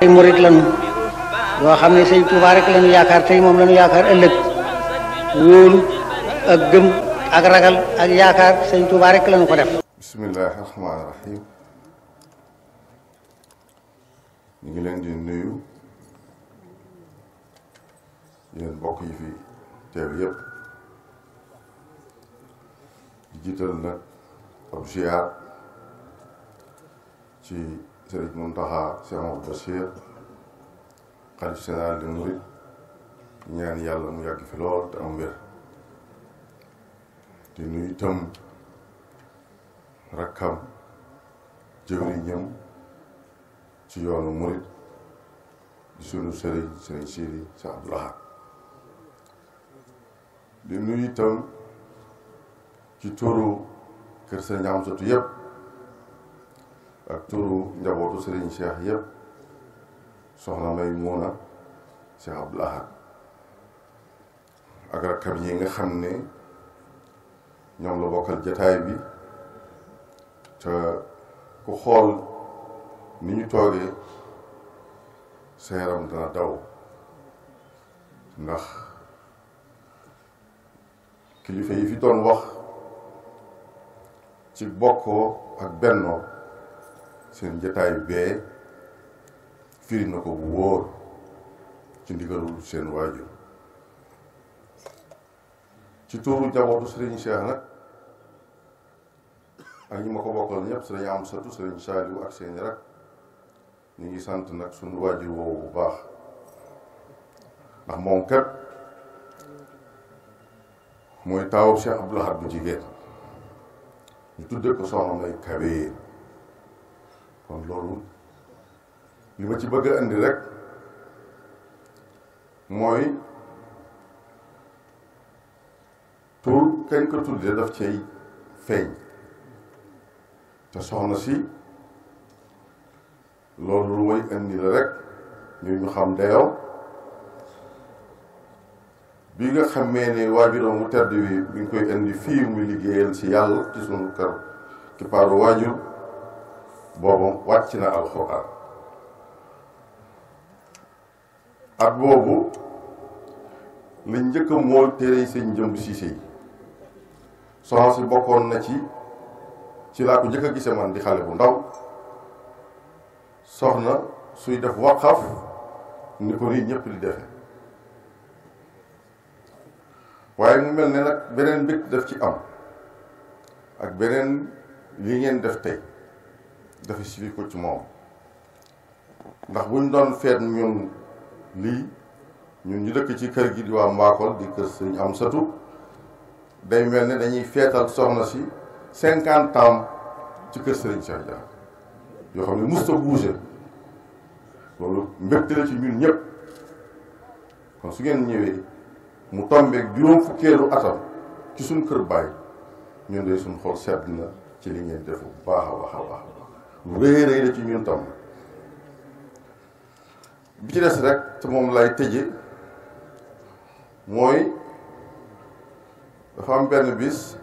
ay murit lañu yoo xam ne sëñ Tuubaa rek lañu yaakaar tey moom lañu yaakaar ëllëg wóolu ak gëm ak ragal ak yaakaar sëñ Tuubaa rek lañu ko def bismillaahi rahmaani rahiim ñu ngi leen di nuyu yéen bokk yi fi teew yépp di jiital nag ab ziar ci sëriñ Mountakha Cheikh Mouhamadou Bachir xalif général des mourides ñaan yàlla mu yàgg fi lool te am di nuyu itam rakkam jëwriñam ci yoonu murit di sunu sëriñ sëriñ Sidi Cheikh Abdou Lahad di nuyu itam ci turu kër sëriñ Amsatu yëpp ak turu njabootu Serigne Cheikh yëpp soxna May Muuna Cheikh Abdoul Ahad ak rakkam yi nga xam ne ñoom la bokkal jataay bi te ku xool ni ñu toogee sa yaram dana daw ndax kilifa yi fi doon wax ci bokkoo ak bennoo seen jataay bee firi na ko bu wóor ci ndigalul seen waajur ci tuuru jabootu sëriñ Cheikh nag ak ñi ma ko bokkal ñëpp sëriñ Amsatu sëriñ Saaliwu ak seeni rak ñu ngi sant nag suñu waajur woowu bu baax ndax moom kat mooy taawu Cheikh Abdoul Ahad bu jigéen ñu tudde ko soxna may kabee kon loolu li ma ci bëgg indi rek mooy tur kañ ko tuddee daf cay feeñ te soxna si loolu lu may indi la rek ñu ñu xam dayoo bi nga xamee ni waajuram mu tedd wi bi ñu koy indi fii mu liggéeyal ci yàlla ci sunu kër ki paaru waajur boobu wàcc na alxuraan at boobu lañ njëkk a mool téere sëñ jëmb siise yi soxna bokkoon na ci ci laa ko njëkk a gise man di xale bu ndaw soxna suy def waqaf ni ko nii ñëpp di defe waaye mu mel ne nag beneen mbir daf ci am ak beneen li ngeen def tey dafa suivi ko ci moom ndax bu ñu doon feet ñun lii ñun ñu dëkk ci kër gi di waa Mbaakol di kër suñu am satu day mel ni dañuy feetal soxna si cinquante ci kër Serigne Cheikh Dia yoo xam ne musta bougé loolu mbégte la ci ñun ñépp kon su ngeen ñëwee mu tombeeg juróom fukkeelu atam ci suñ kër baay ñun de suñ xol sedd na ci li ngeen def baax a baax a baax lu rëy rëy la ci ñun tam bi ci des rek te moom lay tëje mooy dafa am benn bis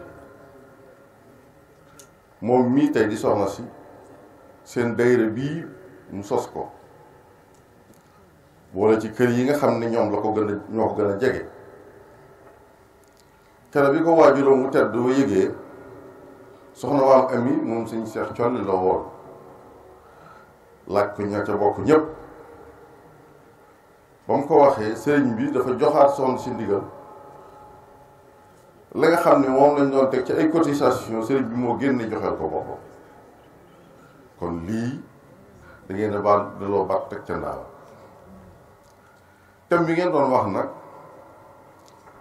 moom mii tey di soxna si seen dayre bii mu sos ko boole ci kër yi nga xam ne ñoom la ko gën a ñoo ko gën a jege kere bi ko waajuróom mu tedd doo yëgee soxna waam ami moom suñ seex colli la woon laaj ña ca bokk ñépp ba mu ko waxee sëriñ bi dafa joxaat soxna si ndigal la nga xam ne moom lañ doon teg ci ay cotisation sëriñ bi moo génne joxeel ko boppam kon lii da ngeen a baal daloo baat teg ca ndaal thème bi ngeen doon wax nag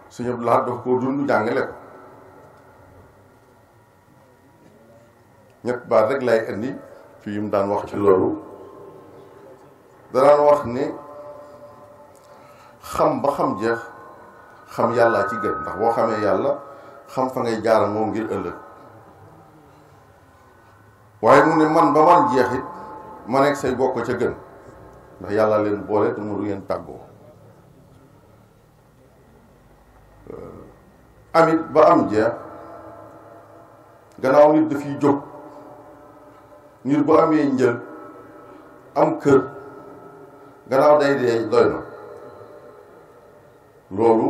suñu laaj dafa koo dund jàngale ko ñett baat rek lay indi fii mu daan wax ci loolu danaan wax ne xam ba xam jeex xam yàllaa ci gën ndax boo xamee yàlla xam fa ngay jaar moom ngir ëllëg waaye mu ne man ba man jeexit ma nekk say bokk ca gën ndax yàlla leen boole te mu du ngeen tàggoo euh, amit ba am jeex gannaaw nit dafiy jóg nit bu amee njël am kër gannaaw day dee doy na loolu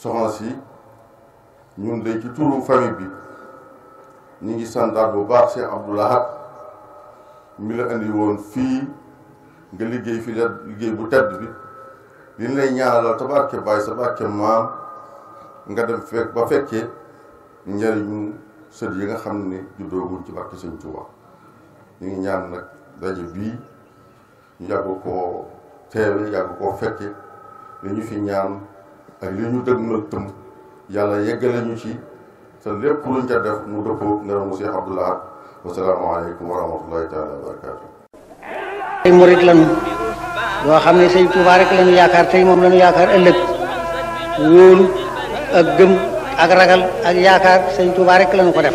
soxna si ñun de ci turu famille bi ñu ngi santaat bu baax Cheikh Abdou Lahad mi la indi woon fii nga liggéey fi la liggéey bu tedd bi liñ lay ñaanalal sa barke baay sa barke maam nga dem fekk ba fekkee njariñu sët yi nga xam ne juddooguñ ci barke Sëñ Tuubaa ñu ngi ñaan nag daje bii ñu yàgg koo teewe yàgg koo fekke li ñu fi ñaan ak li ñu dëgg na tëm yàlla yeggale ñu ci te lépp lu ca def mu dëppoo ngërëmu Cheikh Abdou Lahad wa rahmatullahi taala wa barakaatu ay murit xam ne sëñ Tuubaa rek lañu tey moom lañu yaakaar ëllëg wóolu ak gëm ak ragal ak yaakaar sëñ Tuubaa rek lañu ko def